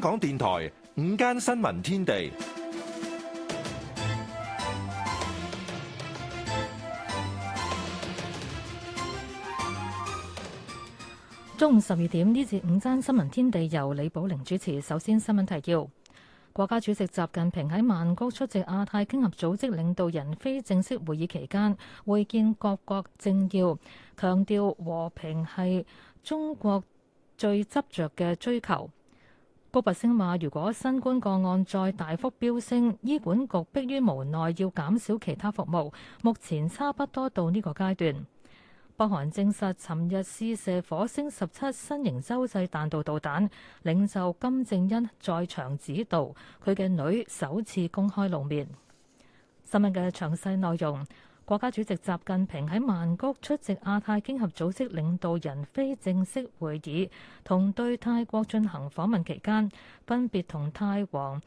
香港電台午間新聞天地， 中午十二點，呢節午間新聞天地由李寶玲主持。首先新聞提要：國家主席習近平喺曼谷出席亞太經合組織領導人非正式會議期間，會見各國政要，強調和平係中國最執着嘅追求。高拔陞話：如果新冠個案再大幅飆升，醫管局迫於無奈要減少其他服務，目前差不多到呢個階段。北韓證實尋日試射火星十七新型洲際彈道導彈，領袖金正恩在場指導，佢嘅女首次公開露面。新聞嘅詳細內容。國家主席習近平喺曼谷出席亞太經合組織領導人非正式會議，同對泰國進行訪問期間，分別同泰王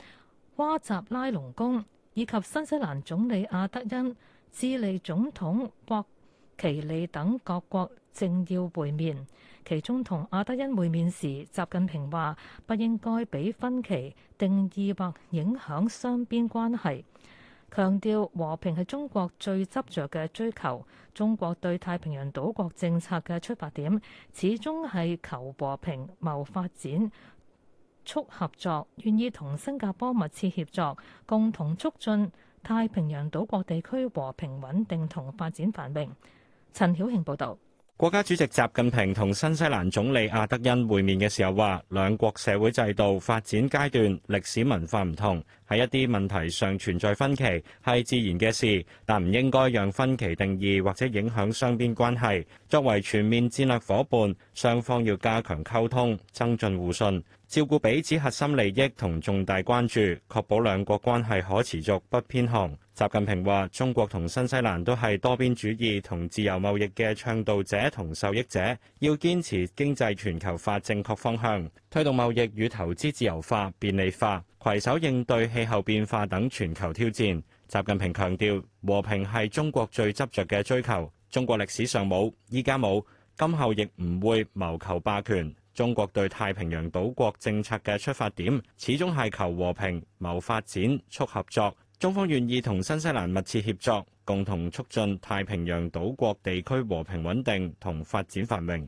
哇集拉隆功以及新西蘭總理阿德恩、智利總統博奇利等各國政要會面。其中同阿德恩會面時，習近平話：不應該俾分歧定義或影響雙邊關係。強調和平係中國最執著嘅追求。中國對太平洋島國政策嘅出發點，始終係求和平、謀發展、促合作，願意同新加坡密切協作，共同促進太平洋島國地區和平穩定同發展繁榮。陳曉慶報導。國家主席習近平同新西蘭總理阿德恩會面嘅時候話，兩國社會制度、發展階段、歷史文化唔同，喺一啲問題上存在分歧，係自然嘅事，但唔應該讓分歧定義或者影響雙邊關係。作為全面戰略伙伴，雙方要加強溝通，增進互信。照顧彼此核心利益同重大關注，確保兩國關係可持續不偏航。習近平話：中國同新西蘭都係多邊主義同自由貿易嘅倡導者同受益者，要堅持經濟全球化正確方向，推動貿易與投資自由化、便利化，攜手應對氣候變化等全球挑戰。習近平強調：和平係中國最執著嘅追求，中國歷史上冇，依家冇，今後亦唔會謀求霸權。中國對太平洋島國政策嘅出發點，始終係求和平、謀發展、促合作。中方願意同新西蘭密切協作，共同促進太平洋島國地區和平穩定同發展繁榮。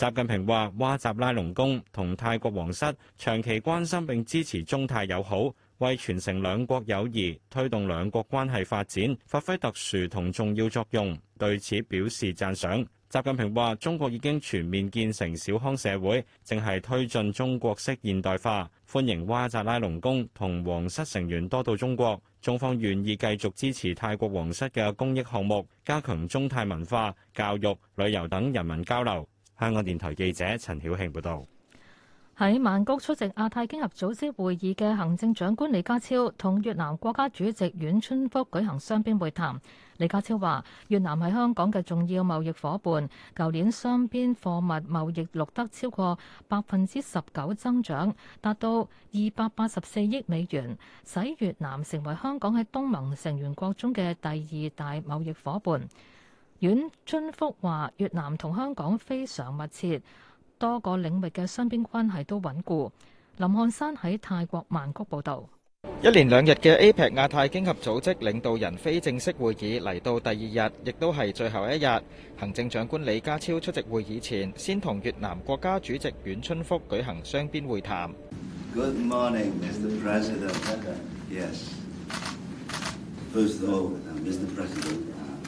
習近平話：瓦扎拉隆功同泰國皇室長期關心並支持中泰友好，為傳承兩國友誼、推動兩國關係發展發揮特殊同重要作用，對此表示讚賞。習近平話：中國已經全面建成小康社會，正係推進中國式現代化，歡迎瓦扎拉隆功同皇室成員多到中國，中方願意繼續支持泰國皇室嘅公益項目，加強中泰文化、教育、旅遊等人民交流。香港電台記者陳曉慶報道：喺曼谷出席亞太經合組織會議嘅行政長官李家超同越南國家主席阮春福舉行雙邊會談。李家超話：越南係香港嘅重要貿易夥伴，舊年雙邊貨物貿易錄得超過百分之十九增長，達到二百八十四億美元，使越南成為香港喺東盟成員國中嘅第二大貿易夥伴。阮春福話：越南同香港非常密切，多個領域嘅雙邊關係都穩固。林漢山喺泰國曼谷報導，一連兩日嘅 APEC 亞太經合組織領導人非正式會議嚟到第二日，亦都係最後一日。行政長官李家超出席會議前，先同越南國家主席阮春福舉行雙邊會談。Good morning, Mr. President. Yes.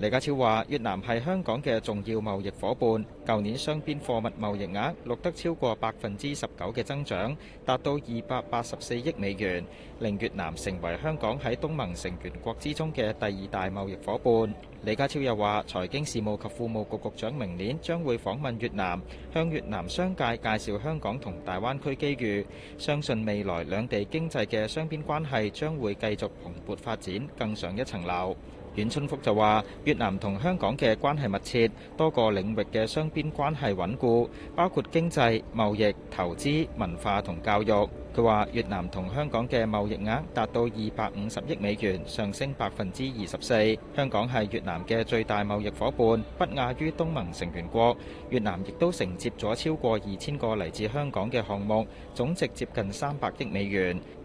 李家超話：越南係香港嘅重要貿易伙伴，舊年雙邊貨物貿易額錄得超過百分之十九嘅增長，達到二百八十四億美元，令越南成為香港喺東盟成員國之中嘅第二大貿易伙伴。李家超又話：財經事務及庫務局局長明年將會訪問越南，向越南商界介紹香港同大灣區機遇。相信未來兩地經濟嘅雙邊關係將會繼續蓬勃發展，更上一層樓。阮春福就話：越南同香港嘅關係密切，多個領域嘅雙邊關係穩固，包括經濟、貿易、投資、文化同教育。佢話：越南同香港嘅貿易額達到二百五十億美元，上升百分之二十四。香港係越南嘅最大貿易伙伴，不亞於東盟成員國。越南亦都承接咗超過二千個嚟自香港嘅項目，總值接近三百億美元。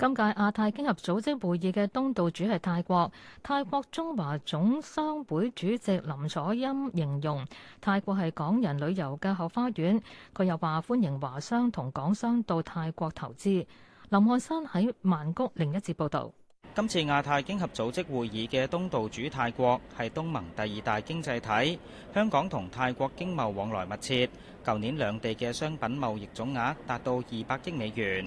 今屆亞太經合組織會議嘅東道主係泰國，泰國中華總商會主席林楚鑫形容泰國係港人旅遊嘅後花園。佢又話歡迎華商同港商到泰國投資。林漢山喺曼谷另一節報道，今次亞太經合組織會議嘅東道主泰國係東盟第二大經濟體，香港同泰國經貿往來密切，舊年兩地嘅商品貿易總額達到二百億美元。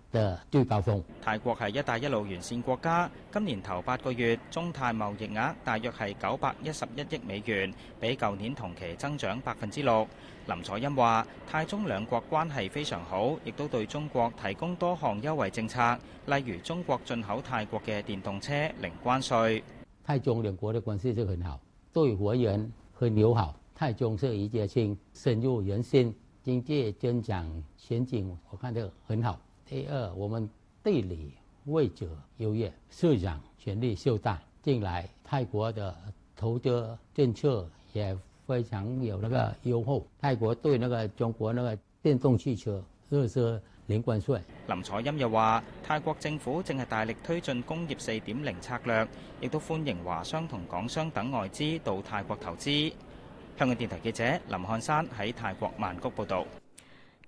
對暴風，泰國係一帶一路完善國家。今年頭八個月，中泰貿易額大約係九百一十一億美元，比舊年同期增長百分之六。林楚欣話：泰中兩國關係非常好，亦都對中國提供多項優惠政策，例如中國進口泰國嘅電動車零關稅。泰中兩國嘅關係都很好，對華人很友好。泰中是一家親，深入人心，經濟增長前景我看得很好。A 二，我們地理位置優越，市場潛力巨大。近來泰國的投資政策也非常有那個優厚。泰國對那個中國那個電動汽車就是零關稅。林采欣又話：泰國政府正係大力推進工業四點零策略，亦都歡迎華商同港商等外資到泰國投資。香港電台記者林漢山喺泰國曼谷報導。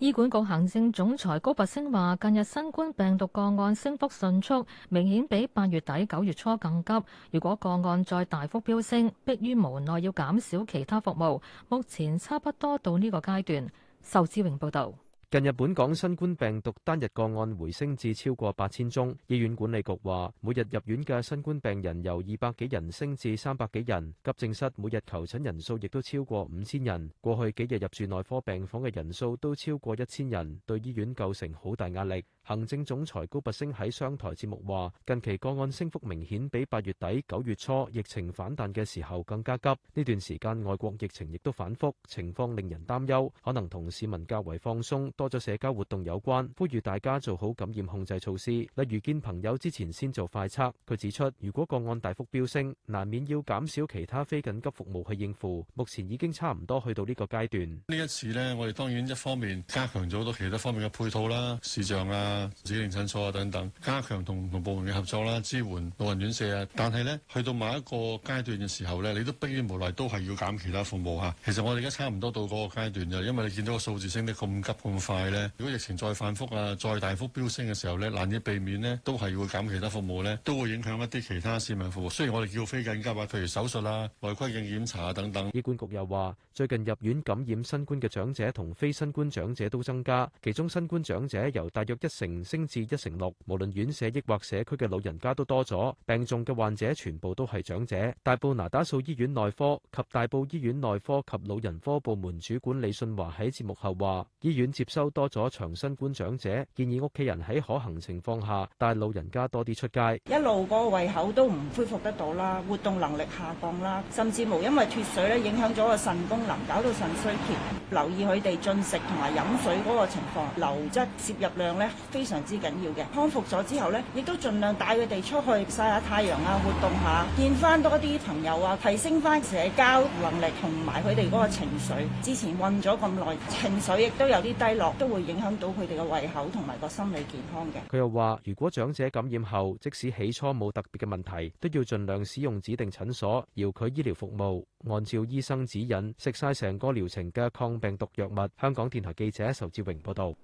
醫管局行政總裁高拔升話，近日新冠病毒個案升幅迅速，明顯比八月底、九月初更急。如果個案再大幅飆升，迫於無奈要減少其他服務，目前差不多到呢個階段。仇志榮報道。近日，本港新冠病毒單日個案回升至超過八千宗。醫院管理局話，每日入院嘅新冠病人由二百幾人升至三百幾人，急症室每日求診人數亦都超過五千人。過去幾日入住內科病房嘅人數都超過一千人，對醫院構成好大壓力。行政總裁高拔升喺商台節目話：近期個案升幅明顯，比八月底、九月初疫情反彈嘅時候更加急。呢段時間外國疫情亦都反覆，情況令人擔憂，可能同市民較為放鬆、多咗社交活動有關。呼籲大家做好感染控制措施，例如見朋友之前先做快測。佢指出，如果個案大幅飆升，難免要減少其他非緊急服務去應付。目前已經差唔多去到呢個階段。呢一次咧，我哋當然一方面加強咗好多其他方面嘅配套啦、視像啊。啊，指定診所啊，等等，加強同同部門嘅合作啦，支援老人院舍啊。但係咧，去到某一個階段嘅時候咧，你都逼於無奈，都係要減其他服務嚇。其實我哋而家差唔多到嗰個階段，就因為你見到個數字升得咁急咁快咧。如果疫情再反覆啊，再大幅飆升嘅時候咧，難以避免咧，都係要減其他服務咧，都會影響一啲其他市民服務。雖然我哋叫非緊急啊，譬如手術啊、內窺鏡檢查啊等等。醫管局又話，最近入院感染新冠嘅長者同非新冠長者都增加，其中新冠長者由大約一升至一成六，無論院舍抑或社區嘅老人家都多咗，病重嘅患者全部都係長者。大埔拿打素醫院內科及大埔醫院內科及老人科部門主管李信華喺節目後話，醫院接收多咗長新冠長者，建議屋企人喺可行情況下帶老人家多啲出街。一路嗰個胃口都唔恢復得到啦，活動能力下降啦，甚至無因為脫水咧影響咗個腎功能，搞到腎衰竭。留意佢哋進食同埋飲水嗰個情況，流質攝入量咧。非常之緊要嘅，康復咗之後呢，亦都盡量帶佢哋出去曬下太陽啊，活動下，見翻多啲朋友啊，提升翻社交能力，同埋佢哋嗰個情緒。之前困咗咁耐，情緒亦都有啲低落，都會影響到佢哋嘅胃口同埋個心理健康嘅。佢又話：如果長者感染後，即使起初冇特別嘅問題，都要盡量使用指定診所，搖佢醫療服務，按照醫生指引食晒成個療程嘅抗病毒藥物。香港電台記者仇志榮報導。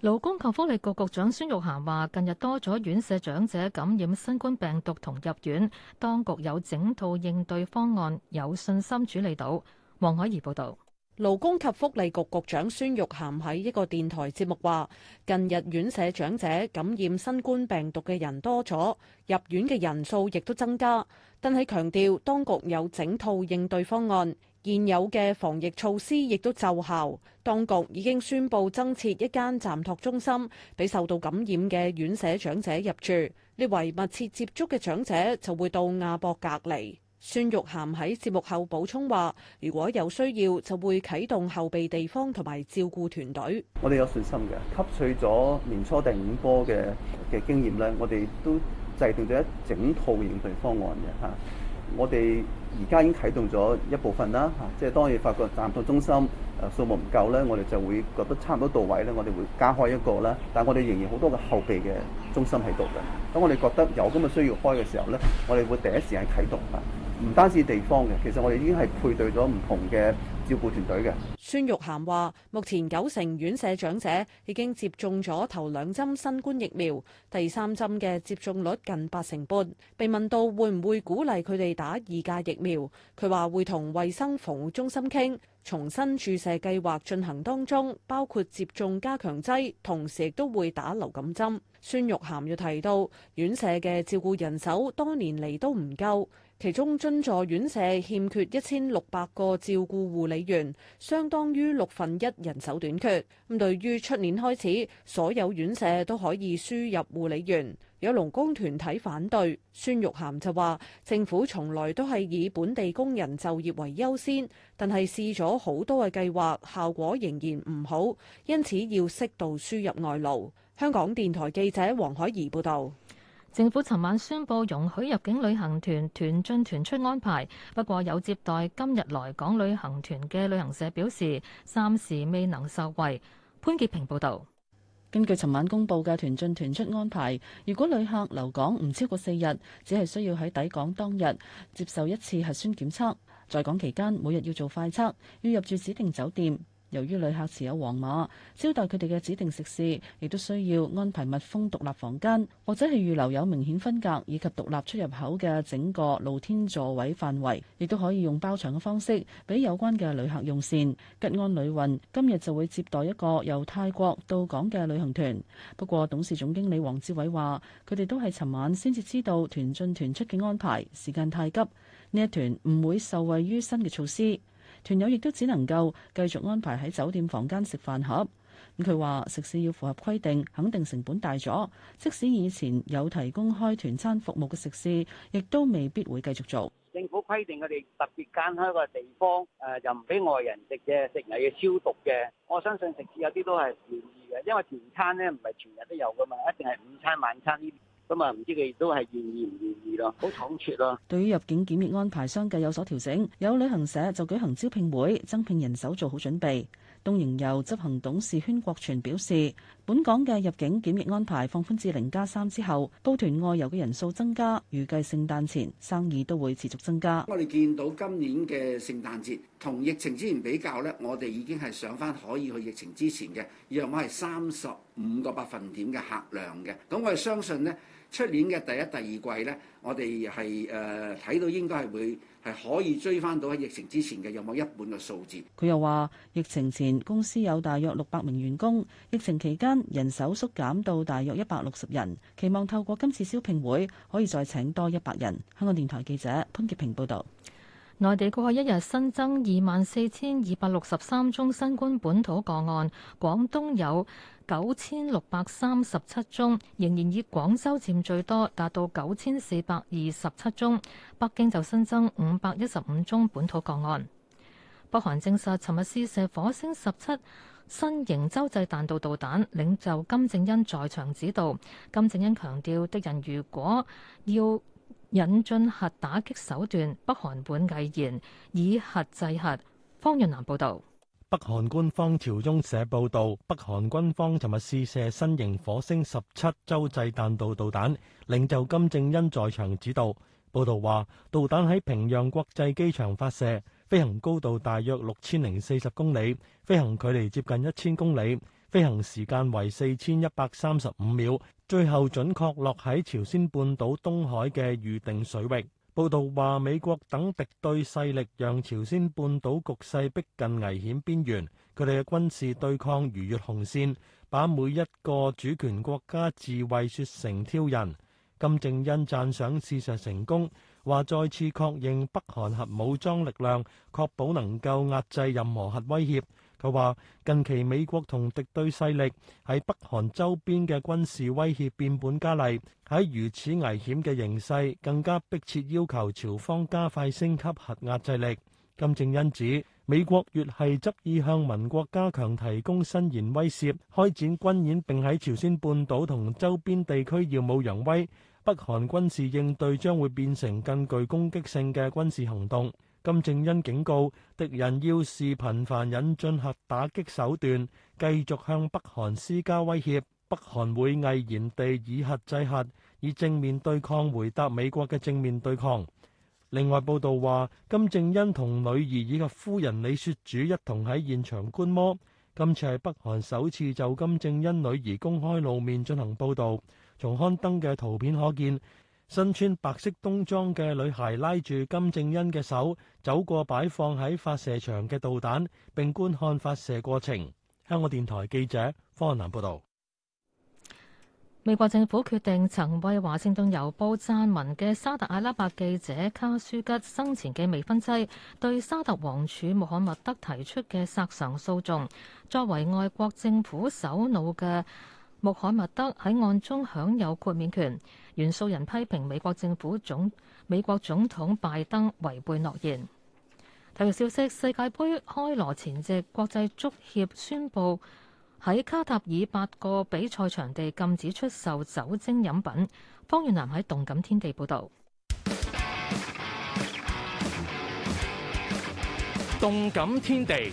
勞工及福利局局長孫玉菡話：近日多咗院舍長者感染新冠病毒同入院，當局有整套應對方案，有信心處理到。黃海怡報道。勞工及福利局局長孫玉菡喺一個電台節目話：近日院舍長者感染新冠病毒嘅人多咗，入院嘅人數亦都增加，但係強調當局有整套應對方案。現有嘅防疫措施亦都奏效，當局已經宣布增設一間暫託中心，俾受到感染嘅院舍長者入住。列為密切接觸嘅長者就會到亞博隔離。孫玉菡喺節目後補充話：如果有需要，就會啟動後備地方同埋照顧團隊。我哋有信心嘅，吸取咗年初第五波嘅嘅經驗咧，我哋都制定咗一整套應對方案嘅嚇。我哋而家已經啟動咗一部分啦，嚇，即係當你發覺站到中心誒數目唔夠呢，我哋就會覺得差唔多到位呢，我哋會加開一個啦。但我哋仍然好多個後備嘅中心喺度嘅。咁我哋覺得有咁嘅需要開嘅時候呢，我哋會第一時間啟動啊。唔單止地方嘅，其實我哋已經係配對咗唔同嘅照顧團隊嘅孫玉涵話：目前九成院舍長者已經接種咗頭兩針新冠疫苗，第三針嘅接種率近八成半。被問到會唔會鼓勵佢哋打二價疫苗，佢話會同衞生防護中心傾，重新注射計劃進行當中，包括接種加強劑，同時亦都會打流感針。孫玉涵又提到，院舍嘅照顧人手多年嚟都唔夠。其中津助院舍欠缺一千六百個照顧護理員，相當於六分一人手短缺。咁對於出年開始，所有院舍都可以輸入護理員，有勞工團體反對。孫玉涵就話：政府從來都係以本地工人就業為優先，但係試咗好多嘅計劃，效果仍然唔好，因此要適度輸入外勞。香港電台記者黃海怡報道。政府尋晚宣布容許入境旅行團團進團出安排，不過有接待今日來港旅行團嘅旅行社表示，暫時未能受惠。潘潔平報道。根據尋晚公布嘅團進團出安排，如果旅客留港唔超過四日，只係需要喺抵港當日接受一次核酸檢測，在港期間每日要做快測，要入住指定酒店。由於旅客持有黃碼，招待佢哋嘅指定食肆亦都需要安排密封獨立房間，或者係預留有明顯分隔以及獨立出入口嘅整個露天座位範圍，亦都可以用包場嘅方式俾有關嘅旅客用膳。吉安旅運今日就會接待一個由泰國到港嘅旅行團，不過董事總經理黃志偉話：佢哋都係尋晚先至知道團進團出嘅安排，時間太急，呢一團唔會受惠於新嘅措施。團友亦都只能夠繼續安排喺酒店房間食飯盒。咁佢話：食肆要符合規定，肯定成本大咗。即使以前有提供開團餐服務嘅食肆，亦都未必會繼續做。政府規定佢哋特別間開個地方，誒就唔俾外人食嘅，食嘢要消毒嘅。我相信食肆有啲都係願意嘅，因為團餐呢唔係全日都有噶嘛，一定係午餐、晚餐呢啲。咁啊，唔知佢都係願意唔願意咯？好倉促咯！對於入境檢疫安排，相繼有所調整，有旅行社就舉行招聘會，增聘人手做好準備。東瀛遊執行董事禤國全表示，本港嘅入境檢疫安排放寬至零加三之後，報團外遊嘅人數增加，預計聖誕前生意都會持續增加。我哋見到今年嘅聖誕節同疫情之前比較咧，我哋已經係上翻可以去疫情之前嘅，約莫係三十五個百分點嘅客量嘅。咁我哋相信咧。出年嘅第一、第二季呢，我哋係誒睇到應該係會係可以追翻到喺疫情之前嘅有冇一半嘅數字。佢又話，疫情前公司有大約六百名員工，疫情期間人手縮減到大約一百六十人，期望透過今次招聘會可以再請多一百人。香港電台記者潘潔平報道。內地過去一日新增二萬四千二百六十三宗新冠本土個案，廣東有九千六百三十七宗，仍然以廣州佔最多，達到九千四百二十七宗。北京就新增五百一十五宗本土個案。北韓證實，尋日試射火星十七新型洲際彈道導彈，領袖金正恩在場指導。金正恩強調，敵人如果要引進核打擊手段，北韓本毅然以核制核。方潤南報道，北韓官方朝中社報道，北韓軍方尋日試射新型火星十七洲際彈道導彈，領袖金正恩在場指導。報道話，導彈喺平壤國際機場發射，飛行高度大約六千零四十公里，飛行距離接近一千公里，飛行時間為四千一百三十五秒。最後準確落喺朝鮮半島東海嘅預定水域。報道話，美國等敵對勢力讓朝鮮半島局勢逼近危險邊緣，佢哋嘅軍事對抗逾越紅線，把每一個主權國家自衛說成挑釁。金正恩讚賞事實成功，話再次確認北韓核武裝力量確保能夠壓制任何核威脅。佢話：近期美國同敵對勢力喺北韓周邊嘅軍事威脅變本加厲，喺如此危險嘅形勢，更加迫切要求朝方加快升級核壓制力。金正恩指，美國越係執意向民國加強提供伸延威懾，開展軍演並喺朝鮮半島同周邊地區耀武揚威，北韓軍事應對將會變成更具攻擊性嘅軍事行動。金正恩警告敵人，要是頻繁引進核打擊手段，繼續向北韓施加威脅，北韓會毅然地以核制核，以正面對抗回答美國嘅正面對抗。另外，報道話，金正恩同女兒以及夫人李雪主一同喺現場觀摩。今次係北韓首次就金正恩女兒公開露面進行報道，從刊登嘅圖片可見。身穿白色冬裝嘅女孩拉住金正恩嘅手，走過擺放喺發射場嘅導彈，並觀看發射過程。香港電台記者方南報道。美國政府決定曾為華盛頓郵報撰文嘅沙特阿拉伯記者卡舒吉生前嘅未婚妻，對沙特王儲穆罕默德提出嘅索償訴訟，作為外國政府首腦嘅。穆罕默德喺案中享有豁免權，原訴人批評美國政府總，美國總統拜登違背諾言。體育消息：世界杯開鑼前夕，國際足協宣佈喺卡塔爾八個比賽場地禁止出售酒精飲品。方遠南喺動感天地報道。動感天地。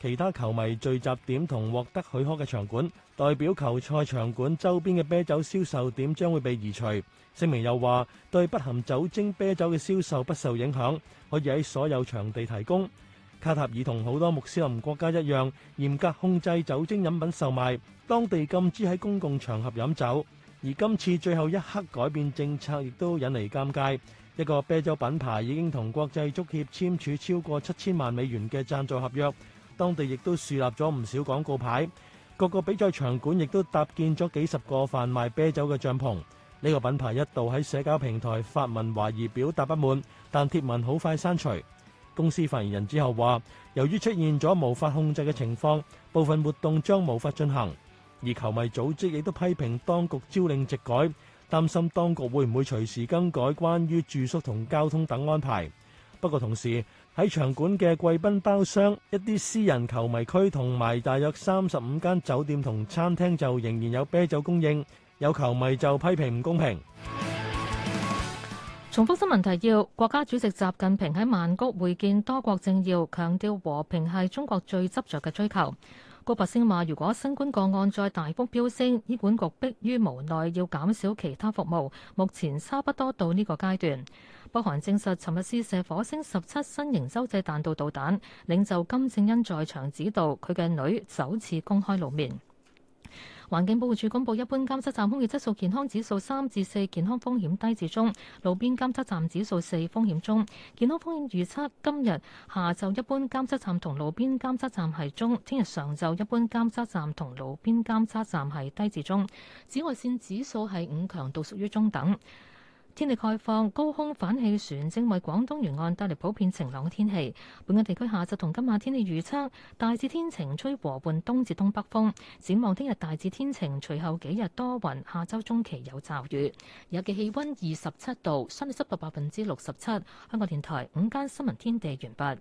其他球迷聚集點同獲得許可嘅場館，代表球賽場館周邊嘅啤酒銷售點將會被移除。聲明又話，對不含酒精啤酒嘅銷售不受影響，可以喺所有場地提供。卡塔爾同好多穆斯林國家一樣，嚴格控制酒精飲品售賣，當地禁止喺公共場合飲酒。而今次最後一刻改變政策，亦都引嚟尷尬。一個啤酒品牌已經同國際足協簽署超過七千萬美元嘅贊助合約。當地亦都樹立咗唔少廣告牌，各個比賽場館亦都搭建咗幾十個販賣啤酒嘅帳篷。呢個品牌一度喺社交平台發文懷疑表達不滿，但貼文好快刪除。公司發言人之後話，由於出現咗無法控制嘅情況，部分活動將無法進行。而球迷組織亦都批評當局朝令夕改，擔心當局會唔會隨時更改關於住宿同交通等安排。不過同時喺場館嘅貴賓包廂、一啲私人球迷區同埋大約三十五間酒店同餐廳就仍然有啤酒供應，有球迷就批評唔公平。重複新聞提要：國家主席習近平喺曼谷會見多國政要，強調和平係中國最執着嘅追求。高拔聲話：如果新冠個案再大幅飆升，醫管局迫於無奈要減少其他服務，目前差不多到呢個階段。北韓證實尋日試射火星十七新型洲際彈道導彈，領袖金正恩在場指導，佢嘅女首次公開露面。環境保護署公布，一般監測站空氣質素健康指數三至四，健康風險低至中；路邊監測站指數四，風險中。健康風險預測今日下晝一般監測站同路邊監測站係中，聽日上晝一般監測站同路邊監測站係低至中。紫外線指數係五，強度屬於中等。天氣概況，高空反氣旋正為廣東沿岸帶嚟普遍晴朗嘅天氣。本港地區下晝同今晚天氣預測大致天晴，吹和緩東至東北風。展望聽日大致天晴，隨後幾日多雲，下周中期有驟雨。日嘅氣溫二十七度，相對濕度百分之六十七。香港電台午間新聞天地完畢。